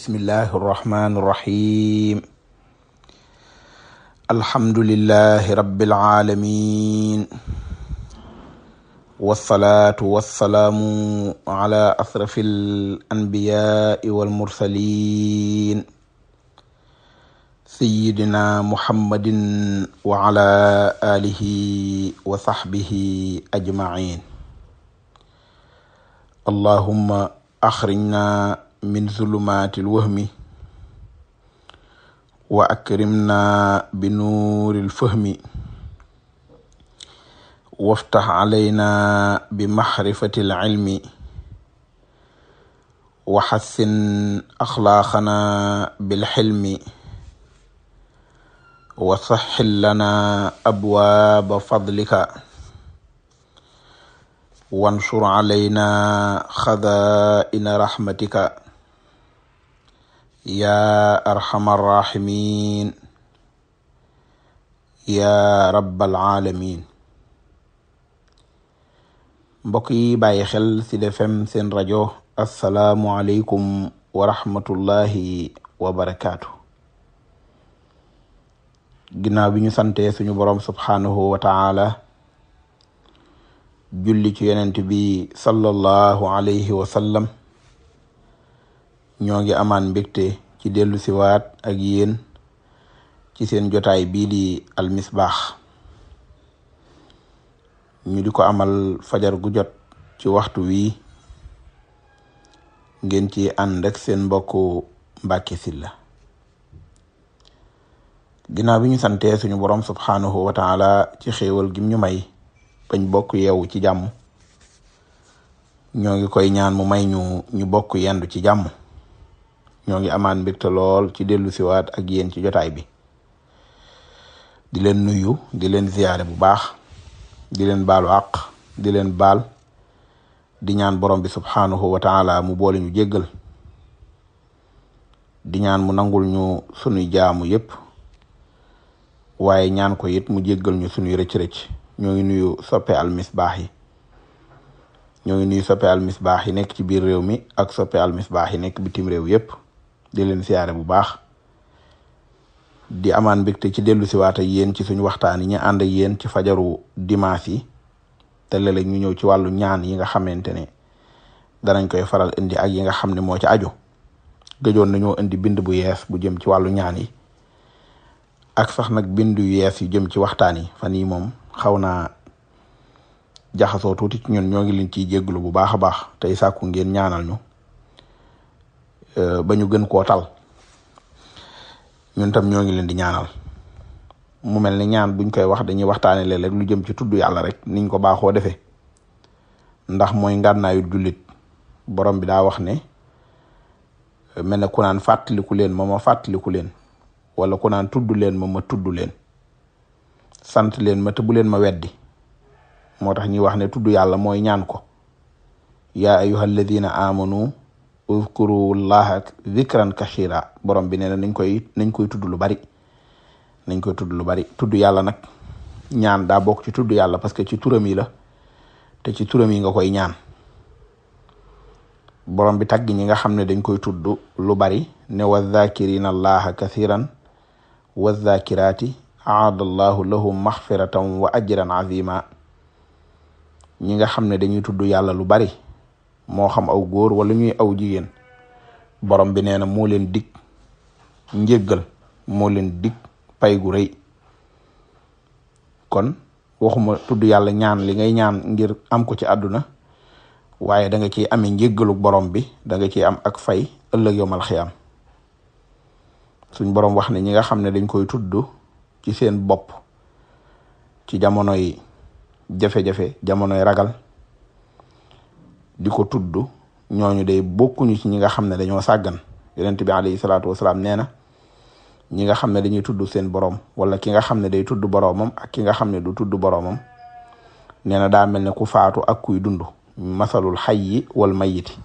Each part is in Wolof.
bismillahi irrahmani irrahim alhamdulillahi rabbil alamin wassalaatu wassalaamu ala asrafi al anbiyaai walmursalin sayidina muhammadin wa ala alihi wa sahbihi ajmain allahumma axrijna min zulumaatil wahmi wa akrimna bi nuuril fahmi waftax calayna bi maxrifatil cilmi wa xassin axlaaqana bil xilmi wa saxxil lana abwaaba fadlika wansur calayna xadaa'ina raxmatika yaa arxama arraximin yaa rabbal alamin mbokk yi bàyyi xel ci Sud seen rajo asalaamualeykum wa rahmatullahi wa barakaatu ginnaaw bi ñu sante suñu boroom subhaanahu wa taala julli ci yonent bi sallallahu alayhi wa ñoo ngi amaan mbégte ci dellu siwaat ak yéen ci seen jotaay bii di almisbaax ñu di ko amal fajar gu jot ci waxtu wii ngeen ci ànd ak seen mbokku Mbàkke Sylla ginnaaw bi ñu santee suñu borom subhanahu wa ci xéewal gim ñu may bañ bokk yeewu ci jàmm ñoo ngi koy ñaan mu may ñu ñu bokk yendu ci jàmm ñoo ngi amaan mbégte lool ci dellu siwaat ak yéen ci jotaay bi di leen nuyu di leen ziyaare bu baax di leen baalu àq di leen baal di ñaan borom bi subhaanahu wa taala mu boole ñu jéggal di ñaan mu nangul ñu sunuy jaamu yépp waaye ñaan ko it mu jéggal ñu sunuy rëcc-rëcc ñoo ngi nuyu soppe al misbaax yi ñoo ngi nuyu soppe al misbaax yi nekk ci biir réew mi ak soppe al misbaax yi nekk bitim réew yépp di leen siyaare bu baax di amaan mbégte ci dellu siwaat ak yéen ci suñu waxtaan yi ñu ànd yéen ci fajaru dimanche yi te léeg ñu ñëw ci wàllu ñaan yi nga xamante ne danañ koy faral indi ak yi nga xam ne moo ci aju gëjoon nañoo indi bind bu yees bu jëm ci wàllu ñaan yi ak sax nag bind yu yees yu jëm ci waxtaan yi fan yii moom xaw naa jaxasoo tuuti ci ñun ñoo ngi leen ciy jégglu bu baax a baax tey sàkku ngeen ñaanal ñu Euh, ba ñu gën koo tal ñun tam ñoo ngi leen di ñaanal mu mel ni ñaan buñ koy wax dañuy waxtaane leen rek lu jëm ci tudd yàlla rek niñ ko baaxoo defee ndax mooy ngànnaayu jullit borom bi daa wax ne mel ne ku naan fàttaliku leen ma ma fàttaliku leen wala ku naan tudd leen ma ma tudd leen sant leen ma te bu leen ma weddi moo tax ñuy wax ne tudd yàlla mooy ñaan ko yaa ayuha alladina amanu uzkurullaha zikran kathira borom bi nee na koy nañ koy tudd lu bari nañ koy tudd lu bari tudd yàlla nag ñaan daa bokk ci tudd yàlla parce que ci turam la te ci turam yi nga koy ñaan borom bi tagg ñi nga xam ne dañ koy tudd lu bari ne wa zakirina allaha kathiran wa zakirati aada allahu lahum maxfiratan wa ajran azima ñi nga xam ne dañuy tudd yàlla lu bari moo xam aw góor wala ñuy aw jigéen borom bi nee na moo leen dikk njégal moo leen dikk pay gu rëy kon waxuma tudd yàlla ñaan li ngay ñaan ngir am ko ci àdduna waaye danga ci ciy amee njéggalu borom bi danga nga am ak fay ëllëg yowmal xiyaam suñ borom wax ne ñi nga xam ne dañ koy tudd ci seen bopp ci jamonoy jafe-jafe jamonoy ragal di ko tudd ñooñu day bokkuñu ci ñi nga xam ne dañoo sàggan yonent bi alayhi salaatu nee na ñi nga xam ne dañuy tudd seen borom wala ki nga xam ne day tudd boroomam ak ki nga xam ne du tudd boroomam nee na daa mel ne ku faatu ak kuy dund masalul xayyi wal mayiti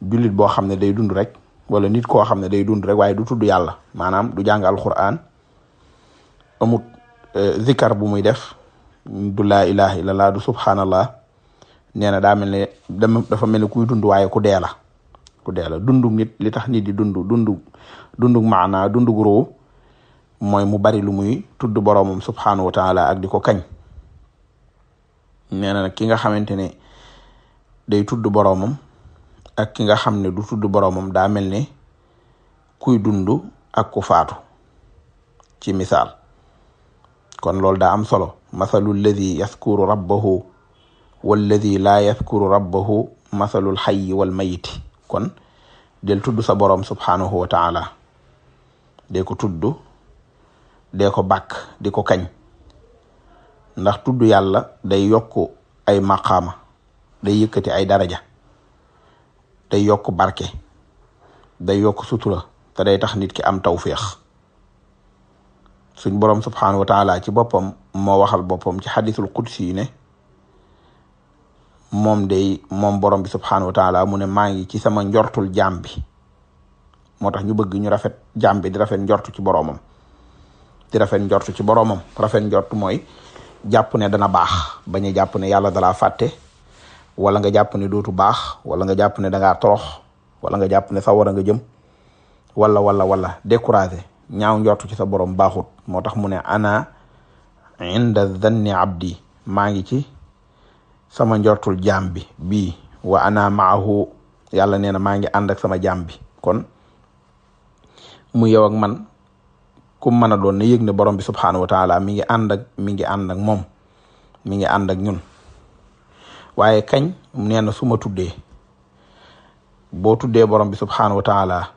julit boo xam ne day dund rek wala nit koo xam ne day dund rek waaye du tudd yàlla maanaam du jàng alquran amut eh, zikar bu muy def du laa ilaha illallah du subhanallah nee na daa mel ne dafa mel ne kuy dund waaye ku dee la ku dee dundu nit li tax nit di dund dundu dundu maanaa dundu ruu mooy mu bari lu muy tudd boroomam subhaanahu wa ak di ko kañ nee na nag ki nga xamante ne day tudd boroomam ak ki nga xam ne du tudd boroomam daa mel ne kuy dund ak ku faatu ci misaal kon loolu daa am solo masalu lladi yaskuru rabbahu walladi laa yadkuru rabbahu masalul xayyi wal mayiti kon del tudd sa boroom subhaanahu wa taala dee ko tuddu de ko bàkk di ko kañ ndax tudd yàlla day yokk ay maqaama day yëkkati ay daraja day yokk barke day yokk sutura te day tax nit ki am tawféex suñ boroom subhaanahu wa taala ci boppam moo waxal boppam ci xadiisul qudsi moom day moom borom bi subxanahu wa taala mu ne maa ngi ci sama njortul jaam bi moo tax ñu bëgg ñu rafet jaam bi di rafet njortu ci boromam di rafet njortu ci boromam rafet njortu mooy jàpp ne dana baax bañ a jàpp ne yàlla dalaa fàtte wala nga jàpp ne dootu baax wala nga jàpp ne dangaa torox wala nga jàpp ne sawara nga jëm wala wala wala découragé ñaaw njortu ci sa borom baaxut moo tax mu ne ana inda zanni abdi maa sama njortul jaam bi bii wa ana maahu yàlla nee na maa ngi ànd ak sama jaam bi kon mu yow ak man ku mën a doon na ne borom bi subxanahu wa mi ngi ànd ak mi ngi ànd ak moom mi ngi ànd ak ñun waaye kañ nee na su ma tuddee boo tuddee borom bi subxanahu wa taala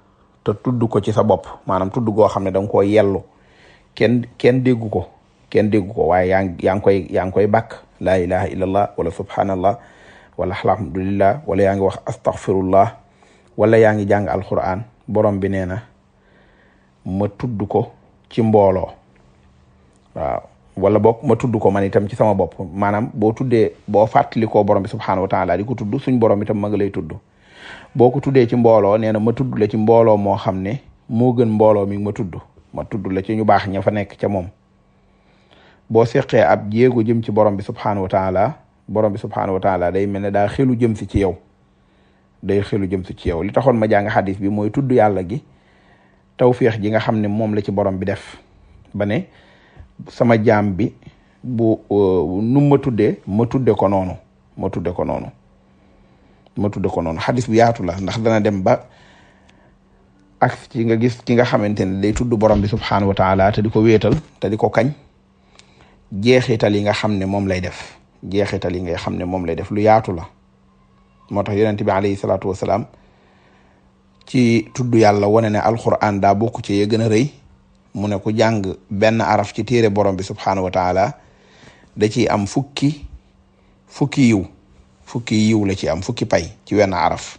te tudd ko ci sa bopp maanaam tudd goo xam ne da ko koo yellu kenn kenn déggu ko kenn déggu ko waaye yaa koy yaa ngi koy bàkk laa ilaha illallah wala subhanallah wala alhamdulillah wala yaa ngi wax astaghfirullah wala yaa ngi jàng alquran borom bi nee na ma tudd ko ci mbooloo waaw wala boog ma tudd ko man itam ci sama bopp maanaam boo tuddee boo fàttalikoo borom bi subhanahu wa taala di ko tudd suñ borom tam ma nga lay tudd boo ko tuddee ci mbooloo nee na ma tudd la ci mbooloo moo xam ne moo gën mbooloo mi ma tudd ma tudd la ci ñu baax ña fa nekk ca moom boo seqee ab jéego jëm ci borom bi subxanahu wa taala borom bi subxanahu wa day mel ne daa xelu jëm si ci yow day xelu jëm si ci yow li taxoon ma jàng xadis bi mooy tudd yàlla gi tawféex ji nga xam ne moom la ci borom bi def ba ne sama jaam bi bu uh, nu ma tuddee ma tudde ko noonu ma ko noonu ma ko noonu xadis bi yaatu la ndax dana dem ba ak ci nga gis ki nga xamante ne day tudd borom bi subxanahu wa taala te di ko wéetal te di ko kañ. jeexital yi nga xam ne moom lay def jeexital yi nga xam ne moom lay def lu yaatu la moo tax yonent bi alayhi salaatu wasalaam ci tuddu yàlla wane ne alquran daa bokk ci ye gën a rëy mu ne ku jàng benn araf ci téere borom bi subhaanahu wa taala da ciy am fukki fukki yiw fukki yiw la ci am fukki pay ci wenn araf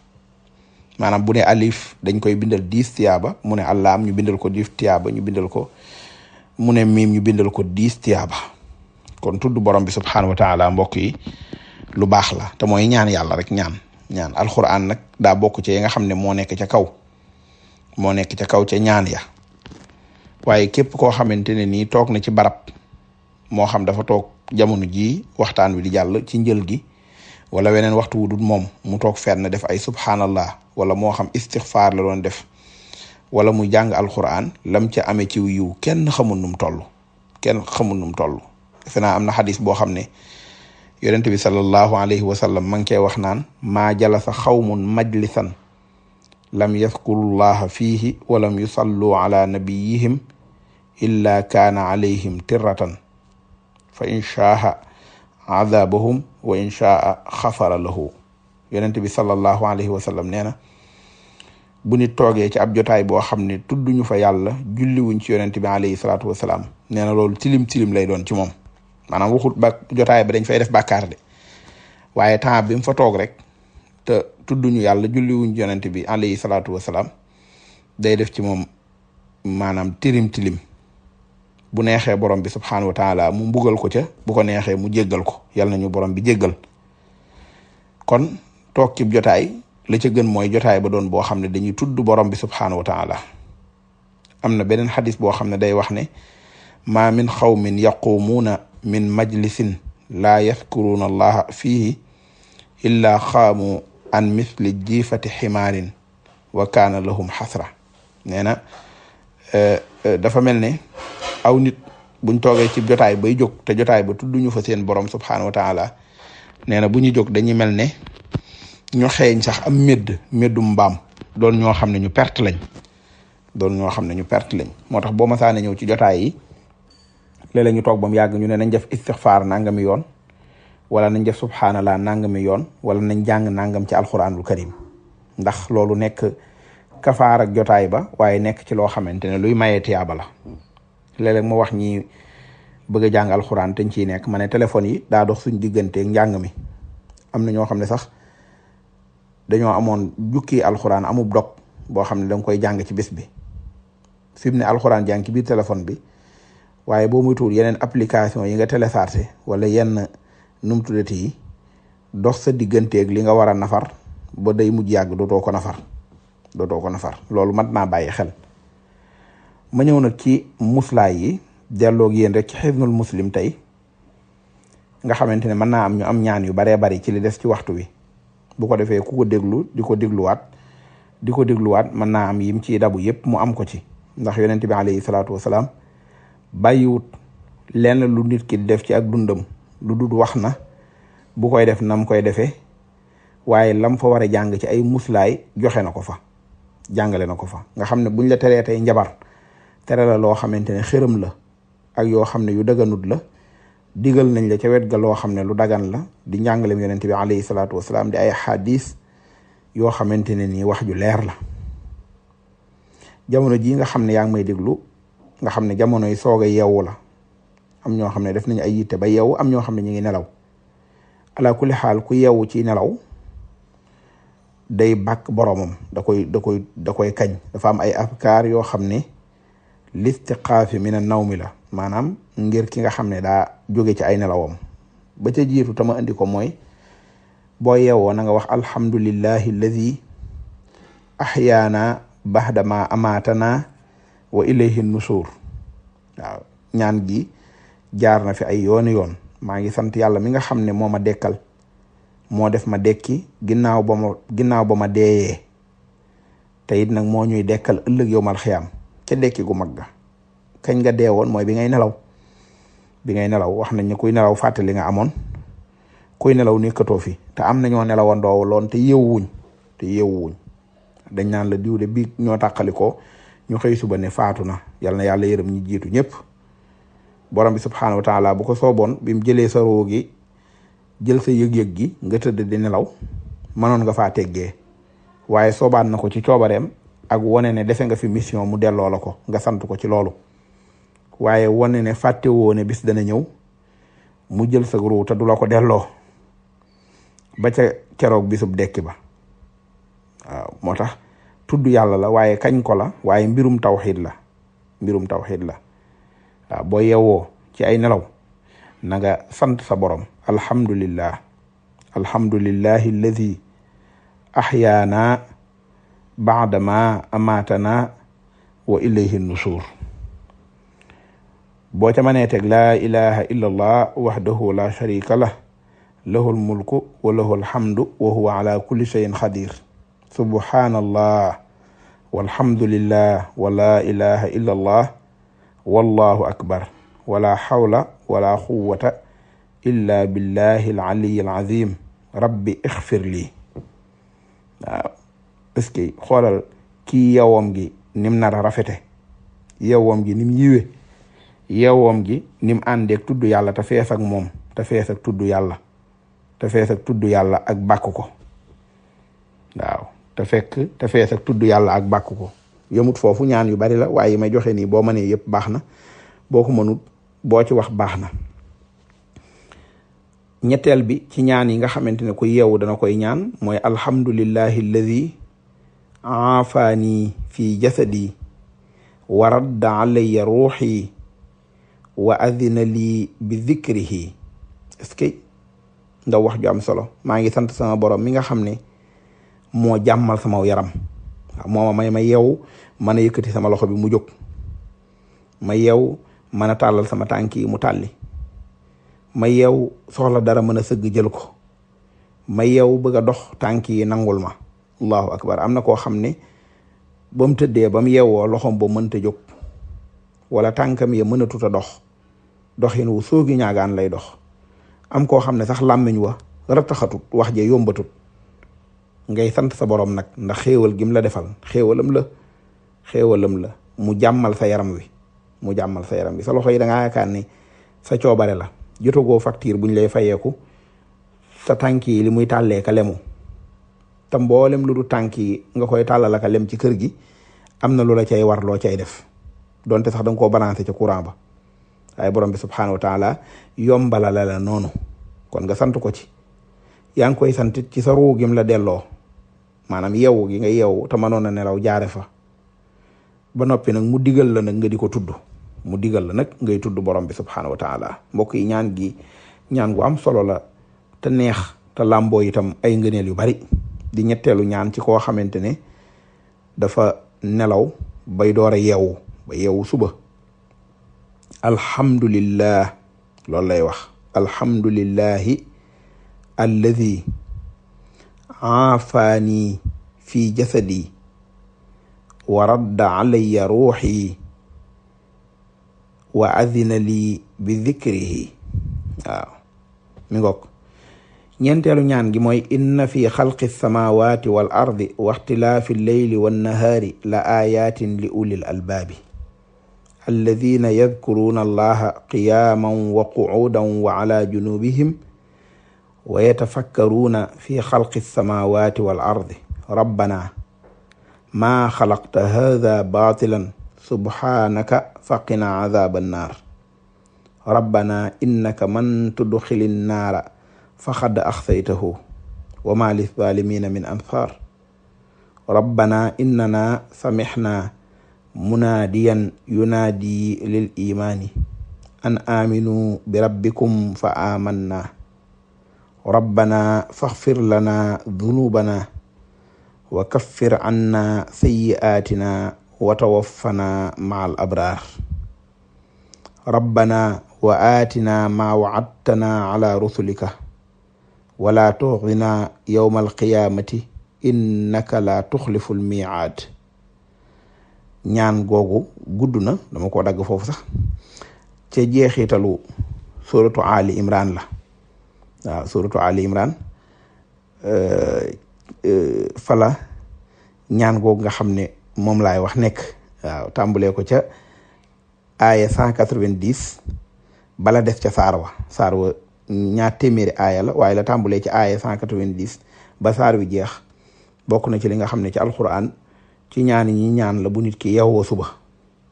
maanaam bu ne alif dañ koy bindal diis tiyaaba mu ne am ñu bindal ko diis tiyaaba ñu bindal ko mu ne miim ñu bindal ko diis kon tudd borom bi subxanahu wa taala mbokk yi lu baax la te mooy ñaan yàlla rek ñaan ñaan alxuraan nag daa bokk ci yi nga xam ne moo nekk ca kaw moo nekk ca kaw ca ñaan ya waaye képp koo xamante ne nii toog na ci barab moo xam dafa toog jamono jii waxtaan wi di jàll ci njël gi wala weneen waxtu wu moom mu toog fenn def ay subhanallah wala moo xam istixfaar la doon def wala mu jàng alxuraan lam ci amee ci yiw kenn xamul num toll kenn xamul num toll defe naa am na xadis boo xam ne yonent bi sallallahu alayhi wa ma ngi koy wax naan maa jalasa xawmun majlisan lam yadkurullaha fiihi walam yusallu ala nabiyihim illa kaana alayhim tirratan fa in shaaha adabahum wa in shaa lahu yonent bi sallallahu alayhi wa sallam nee na bu nit toogee ci ab jotaay boo xam ne tudduñu fa yàlla julliwuñ ci yonent bi alayhi salaatu wasalaam nee na loolu tilim tilim lay doon ci moom maanaam waxul ba jotaay ba dañ fay def bàkkaar de waaye temps bi mu fa toog rek te tudduñu yàlla julliwuñ yonent bi alayhi salaatu wasalaam day def ci moom maanaam tirim tilim bu neexee borom bi subxanahu wa taala mu mbugal ko ca bu ko neexee mu jéggal ko yal nañu borom bi jéggal kon toog ci jotaay la ca gën mooy jotaay ba doon boo xam ne dañuy tudd borom bi subxanahu wa taala am na beneen xadis boo xam ne day wax ne maa min xaw min xawmin yaqumuuna min majlisin laa yadkuruuna allaha fiihi illaa xaamu an misli jiifati ximaarin wa kaana lahum xasra nee na eh, eh, dafa mel ne aw nit buñ toogee ci jotaay bay jog te jotaay ba tudduñu fa seen borom subhaanahu wa taala nee na bu ñu jóg dañuy mel ne ñu xeeñ sax am médd méddum mbaam doon ñoo xam ne ñu perte lañ doon ñoo xam ne ñu perte lañ moo tax boo masaane ñëw ci jotaay yi léeg ñu toog ba mu yàgg ñu ne nañ def istixfaar nangami yoon wala nañ def subhanallah nangami yoon wala nañ jàng nangam ci alxuraanul karim ndax loolu nekk kafaar jotaay ba waaye nekk ci loo xamante ne luy mayee tiyaaba la léeg wax ñi bëgg a jàng alxuraan te ñu ciy nekk ma ne téléphone yi daa dox suñ digganteeg njàng mi am na ñoo xam ne sax dañoo amoon jukki alxuraan amub dog boo xam ne dang koy jàng ci bis bi fi ne alxuraan jàng ci biir téléphone bi waaye boo muy muytuwul yeneen application yi nga téléchargé wala yenn numtudati yi dox sa digganteeg li nga war a nafar ba day muj yàgg doo ko nafar dootoo ko nafar loolu mat naa bàyyi xel ma ñëw nag ci muslaay yi delloog yéen rek ci xisnul muslim tey nga xamante ne mën naa am ñu am ñaan yu baree bari ci li des ci waxtu wi bu ko defee ku ko déglu di ko dégluwaat di ko dégluwaat mën naa am yim ciy dabu yépp mu am ko ci ndax yonent bi alayhi salaatu wasalaam bàyyiwut lenn lu nit ki def ci ag dundam lu dut wax na bu koy def nam koy defee waaye lam fa war jàng ci ay muslaay joxe na ko fa jàngale na ko fa nga xam ne buñ la teree tey njabar tere la loo xamante ne xërëm la ak yoo xam ne yu daganut la digal nañ la ca wet ga loo xam ne lu dagan la di njàngalem yonent bi alayhi salaatu wasalaam di ay xadis yoo xamante ne nii wax ju leer la jamono jii nga xam ne yaa ngi may déglu nga xam ne jamono yi soog a yeewu la am ñoo xam ne def nañ ay yitte ba yeewu am ñoo xam ne ñu ngi nelaw ala kulli xaal ku yeewu ci nelaw day bàkk boromam da koy da koy da koy kañ dafa am ay afkaar yoo xam ne listiqaafi min an nawmi la maanaam ngir ki nga xam ne daa jóge ci ay nelawam ba ca jiitu tama andi ko mooy boo yeewoo nanga nga wax alhamdulillahi alladi ahyaana baxda ma amaatana wa ilayhi nusuur waaw ñaan gi jaar na fi ay yooni yoon maa ngi sant yàlla mi nga xam ne moo ma dekkal moo def ma dekki ginnaaw ba ma ginnaaw te it nag moo ñuy dekkal ëllëg yowmal xiyaam ca dekki gu mag ga kañ ga dee mooy bi ngay nelaw bi ngay nelaw wax nañ ne kuy nelaw fàttali nga amoon kuy nelaw nekkatoo fi te am na ñoo nelawandoo loon te yeewuñ te yeewuñ dañ naan la diw bi ñoo tàqali ko ñu xëy suba ne faatu na yal na yàlla yërëm ñi jiitu ñëpp borom bi subxanahu wa taala bu ko sooboon bi mu jëlee sa roo jël sa yëg-yëg gi nga tëdd di nelaw mënoon nga faa ge waaye soobaan na ko ci coobareem ak wane ne defe nga fi mission mu delloo la ko nga sant ko ci loolu waaye wane ne fàtte woo ne bis dana ñëw mu jël sa ruu te du la ko delloo ba ca keroog bisub dekki ba waaw moo tax. tudd yàlla la waaye kañ ko la waaye mbirum tawxid la mbirum tawxid la waaw boo yewoo ci ay nelaw na nga sant sa borom alhamdulillah alhamdulillahi alladi axyaana baadama amaatana wa ilayhi nusuur boo ca mënee teg laa ilaha illa allah waxdahu la sharika lah lahu almulku wa lahu alhamdu wa huwa ala kulli cheyin xadir subhaanallah walhamdulillah wala ilaha illa allah wallahu akbar wala hawla wala quwwata illa billahi alaliyi alazim rabbi ixfir lii waaw est-ce que xoolal kii yowam gi nim nar rafete yowam gi nim yiwe yowam gi nim àndeeg tudd yàlla te fees ak moom te fees ak tudd yàlla te fees ak tudd yàlla ak bàkk te fekk te fees ak tudd yàlla ak bàkk ko foofu ñaan yu bari la waaye may joxe nii boo mënee yëpp baax na boo ko mënut boo ci wax baax na ñetteel bi ci ñaan yi nga xamante ne ku yeewu dana koy ñaan mooy alhamdulillahi alladi aafaanii fi jasadi wa radda alayya ruuxi wa adina li bi zikrihi est-ce que nga wax ju am solo maa ngi sant sama borom mi nga xam ne moo jàmmal sama yaram waaw moo ma may ma yeewu mën yëkkati sama loxo bi mu jóg ma yeew mën a tàllal sama tànk yi mu tàlli ma yeew soxla dara mën a sëgg jël ko ma yeew bëgg a dox tànk yi nangul ma allahu akbar am na koo xam ne ba mu tëddee ba mu yeewoo loxoom ba mënta jóg wala tànkam ya mën a tuta dox doxin wu soogi ñaagaan lay dox am koo xam ne sax làmmiñ wa rataxatut wax ja yombatut ngay sant sa borom nag ndax xéewal gim la defal xéewalam la xéewalam la mu jàmmal sa yaram wi mu jàmmal sa yaram wi sa loxo yi da ngaa yaakaar ni sa coobare la jotagoo facture buñ lay fayeeku sa tànk yi li muy tàllee ka lemu te mboolem lu du tànk yi nga koy tàllal ka lem ci kër gi am na lu la war loo cay def donte sax da ko koo balancé ca courant ba waaye borom bi subxanahu wa taala yombala la noonu kon nga sant ko ci yaa ngi koy sant ci sa ruugim la delloo. maanaam yeewu gi nga yeewu te mënoon na nelaw jaare fa ba noppi nag mu digal la nag nga di ko tudd mu digal la nag ngay tudd borom bi subxanahu wa taala mbokk yi ñaan gi ñaan gu am solo la te neex te làmboo itam ay ngëneel yu bari di ñetteelu ñaan ci koo xamante ne dafa nelaw bay door a yeewu ba yeewu suba alhamdulillah loolu lay wax alhamdulillahi alladi aafaanii fi jasadi wa radda calaya ruuxi wa adina lii bi dikrihi waaw mi ngoog ñeenteelu ñaan gi mooy inna fi xalqi samawati wal ardi wa ixtilaafi lleyli wannahaari la aayaatin li ulil albaabi alladina yadkuruuna allaha qiyaaman wa qucuudan wa calaa junubihim wa yatafakkaruuna fi xalqi alsamawati wal ardi rabbana maa xalaqta hada baatilan subhaanaka faqina cadaaba annaar rabbana innaka man tudxili nnaara faqad axsaytahu wa ma lilzalimina min ansaar rabbana innana samixna munaadiyan yunaadi lil imaani an aaminuu bi rabbikum fa aamanna rabbana faxfir lana dunubana wa kaffir anna sayyi'aatina wa tawaffana ma'al abraar rabbana wa aatina maa ala rusulika wa laa tuxzina yawma innaka laa tuxlifu almiicaad ñaan googu gudd na dama ko dagg foofu sax jeexitalu suratu Ali Imran la waaw suratu Ali Imran euh, euh, fala ñaan googu nga xam ne moom laay wax nekk waaw tàmbulee ko ca aaya cent quatre bala def ca saar wa saar wa ñaar téeméeri aaya la waaye la tàmbulee ci aaya cent quatre ba saar wi jeex bokk na ci li nga xam ne ci alquran ci ñaan ñi ñaan la bu nit ki yeewoo suba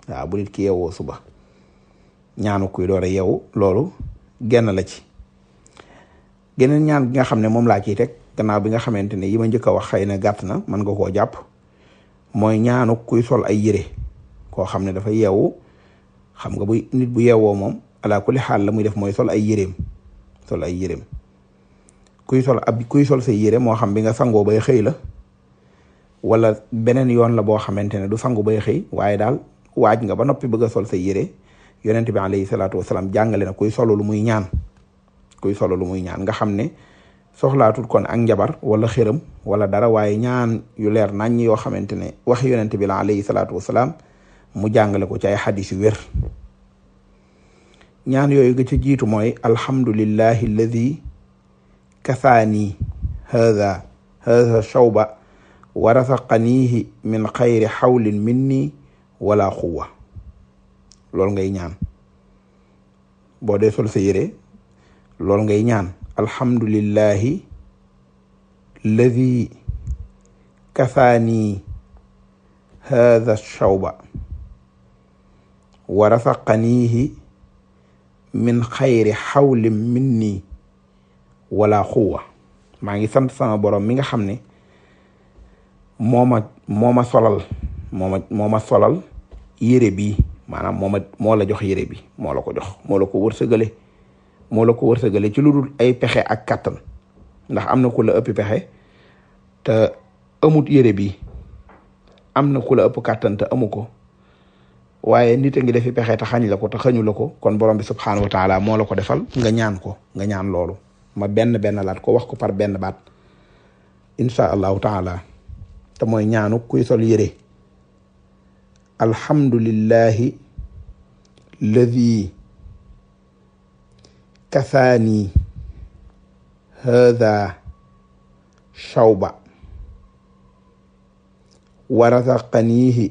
waaw bu nit ki yeewoo suba ñaanu kuy door a yeewu loolu genn la ci geneen ñaan gi nga xam ne moom laa ciy teg gannaaw bi nga xamante ne yi ma njëkk a wax xëy na gàtt na mën nga koo jàpp mooy ñaanu kuy sol ay yére koo xam ne dafa yeewu xam nga bu nit bu yeewoo moom ala kulli xaal la muy def mooy sol ay yéreem sol ay yéreem kuy sol ab kuy sol say yére moo xam bi nga sangoo bay xëy la wala beneen yoon la boo xamante ne du sangu bay xëy waaye daal waaj nga ba noppi bëgg sol say yére yonent bi alayhi salaatu wasalaam jàngale na kuy solu lu muy ñaan kuy solo lu muy ñaan nga xam ne soxlaatul kon ak njabar wala xëram wala dara waaye ñaan yu leer nañ yoo xamante ne wax yonent bi la alayhi salaatu wasalaam mu jàngale ko ci ay xadis yu wér ñaan yooyu ga ca jiitu mooy alhamdulillahi alladi kasaani haada haada shawba wa rasaqanihi min xayri xawlin minni wala quwa loolu ngay ñaan boo dee sol sa yére loolu ngay ñaan alhamdulillahi ladi kafaani haada shawba wa rasaqaniihi min xayri xawlin minni wala xuwa maa ngi sant sama borom mi nga xam ne mooma mooma solal mooma mooma solal yére bi maanaam mooma moo la jox yére bi moo la ko jox moo la ko wërsëgale moo la ko wërsëgale ci lu dul ay pexe ak kattan ndax am na ku la ëpp pexe te amut yére bi am na ku la ëpp kàttan te amu ko waaye nit a ngi defi pexe te xañ la ko te xañu la ko kon borom bi subxanahu wa taala moo la ko defal nga ñaan ko nga ñaan loolu ma benn benn laat ko wax ko par benn baat insha allahu taala te mooy ñaanu kuy sol yére alhamdulillahi ladi kafaani haada shawba wa razaqaniihi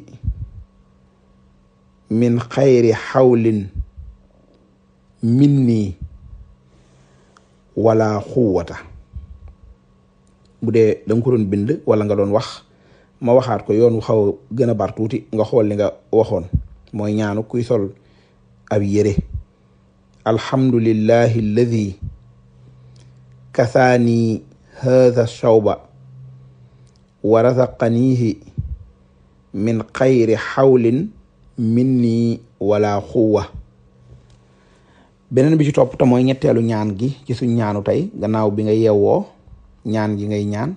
min xayri xawlin minni wala xuwata bu dee da nga ko doon bind wala nga doon wax ma waxaat ko yoon wu xaw a gën a nga xool li nga waxoon mooy ñaanu kuy sol ab yére alhamdulillahi alladi kasaani haada shawba wa razaqanihi min xayri xawlin minni wala xuwa beneen bi ci topp te mooy ñetteelu ñaan gi ci suñ ñaanu tey gannaaw bi nga yewoo ñaan gi ngay ñaan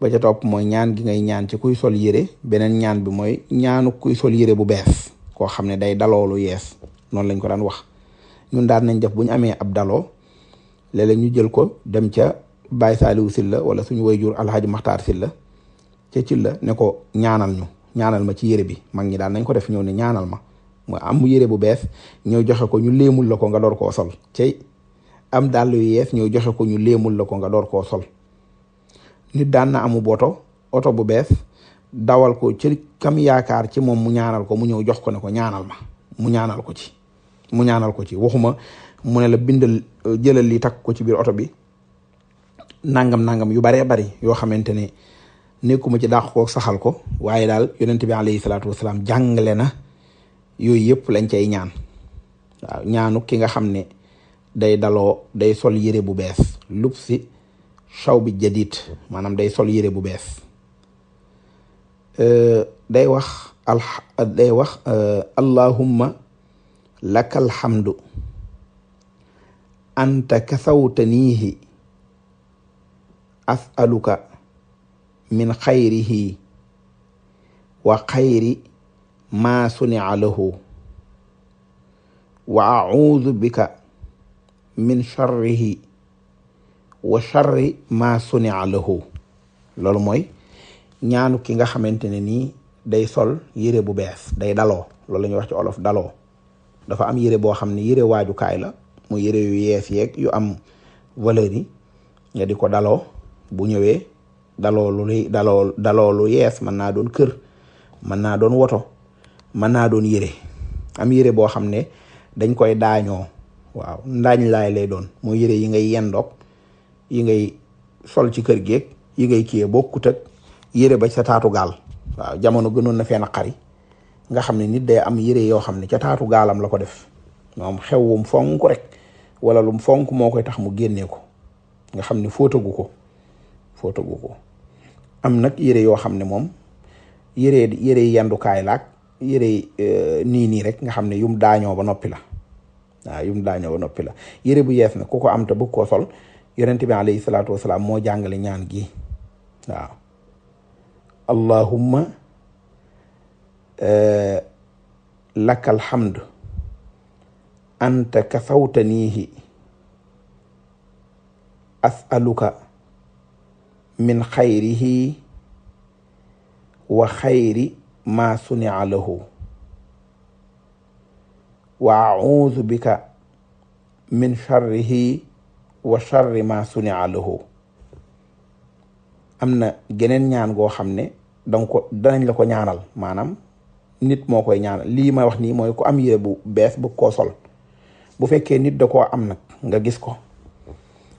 ba ca topp mooy ñaan gi ngay ñaan ci kuy sol yére beneen ñaan bi mooy ñaanu kuy sol yére bu bees koo xam ne day daloolu yees noonu lañ ko daan wax ñun daal nañ def bu ñu amee ab daloo léeg ñu jël ko dem ca Baye Saliou Sylla wala suñu jur Alhaji Maxtaar Sylla ca ci la ne ko ñaanal ñu ñaanal ma ci yére bi mag ñi daal nañ ko def ñëw ne ñaanal ma mooy am yére bu bees ñëw joxe ko ñu léemul la ko nga door koo sol cey am dàll yu yees ñëw joxe ko ñu léemul la ko nga door koo sol nit daan amu boto oto bu bees dawal ko ci yaakaar ci moom mu ñaanal ko mu ñëw jox ko ne ko ñaanal ma mu ñaanal ko ci mu ñaanal ko ci waxuma mu ne la bindal jëlal li takk ko ci biir oto bi nangam nangam yu baree bari yoo xamante ne nekkuma ci dàq ko saxal ko waaye daal yonent bi alayhi salaatu wasalaam jàngale na yooyu yëpp lañ cay ñaan waaw ñaanu ki nga xam ne day daloo day sol yére bu bees lub si saw bi jadid maanaam day sol yére bu bees day wax al day wax allahumma lakal hamdu anta kasawtaniihi as'aluka min xayrihi wa xayri maa sunia lahu wa acuudu bika min charrihi wa charri maa sunia lahu loolu mooy ñaanu ki nga xamante ne nii day sol yére bu bees day dalo loolu la ñuy wax ci olof daloo dafa am yére boo xam ne yére waajukaay la mu yére yu yees yeeg yu am valeur yi nga di ko daloo bu ñëwee daloo daloo lu yees mën naa doon kër mën naa doon woto mën naa doon yére am yére boo xam ne dañ koy daañoo waaw ndaañ laay lay doon mu yére yi ngay yendoog yi ngay sol ci kër géeg yi ngay kiyee bokkut ak yére ba sa taatu gaal waaw jamono gënoon na fee nga xam ne nit day am yére yoo xam ne ca taatu gaalam la ko def moom xew wum fonk rek wala lum fonk moo koy tax mu génnee ko nga xam ne fóotagu ko fóotagu ko am nag yére yoo xam ne moom yére yére yendukaay laag yére e, nii nii rek nga xam ne yum daañoo ba noppi la waaw yum daañoo ba noppi la yére bu yees na ku ko am te bëgg koo sol yonent bi alayhi salaatu wasalaam moo jàngale ñaan gi waaw Eh, laka alhamdu anta kafawtaniihi asaluka min xayrihi wa xayri ma sunia lahu wa auudu bika min charrihi wa charri ma sunia lahu am na geneen ñaan goo xam ne danga ko danañ la ko ñaanal maanaam nit moo koy ñaanal lii ma wax nii mooy ku am yére bu bees bu kosol bu fekkee nit da ko am nag nga gis ko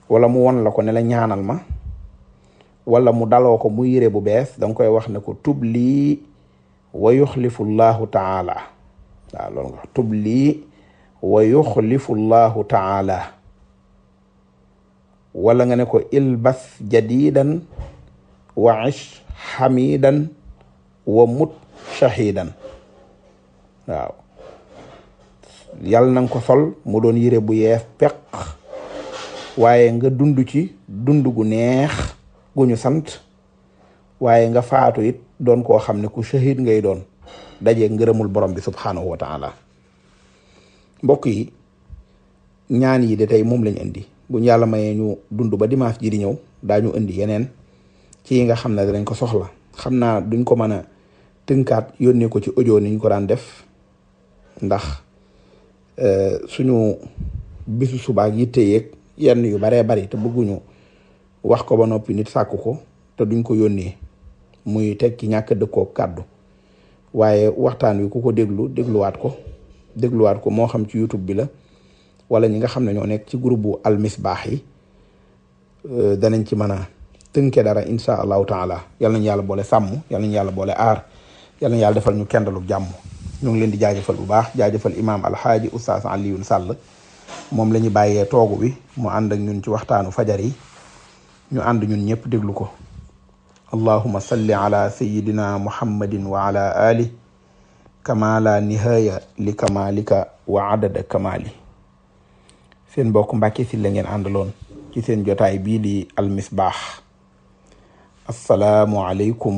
wala mu won la ko ne la ñaanal ma wala mu daloo ko mu yére bu bees danga koy wax ne ko tub lii wa yuxlifu llahu taala waaw tub lii wa yuxlifu llahu taala wala nga ne ko ilbas jadidan wa ish xamidan wa mut shahidan waaw yàlla na nga ko sol mu doon yére bu yeef peq waaye nga dund ci dund gu neex gu ñu sant waaye nga faatu it doon koo xam ne ku shahid ngay doon dajeeg ngërëmul borom bi subhanahu wa taala mbokk yi ñaan yii de tey moom lañ indi buñ yàlla mayee ñu dund ba dimanche ji di ñëw daañu indi yeneen ci yi nga xam ne dinañ ko soxla xam naa duñ ko mën a tënkaat yónnee ko ci ojo niñ ko daan def ndax euh, suñu bisu subaak yitte yeeg yenn yu baree bari te bëgguñu wax ko ba noppi nit sàkku ko te duñ ko yónnee muy teg ci ñàkk dëkkoo kàddu waaye waxtaan wi ku ko déglu dégluwaat ko dégluwaat ko moo xam ci YouTube bi la wala ñi nga xam ne ñoo nekk ci groupe bu almisbaax yi euh, danañ ci mën a tënke dara insha allahu taala yal nañu yàlla boole sàmm yal nañu yàlla boole aar yal nañu yàlla defal ñu kendalu jàmm ñu ngi leen di jaajëfal bu baax jaajëfal imaam alxaaji oustaz Alioune Sall moom la ñu bàyyee toogu wi mu ànd ñun ci waxtaanu fajar yi ñu ànd ñun ñëpp déglu ko allahuma salli ala sayidina muhammadin wa ala ali kama la li kamalika wa adada kamali seen mbokk Mbàkke Sylla ngeen àndaloon ci seen jotaay bii di almisbaax assalaamu aleykum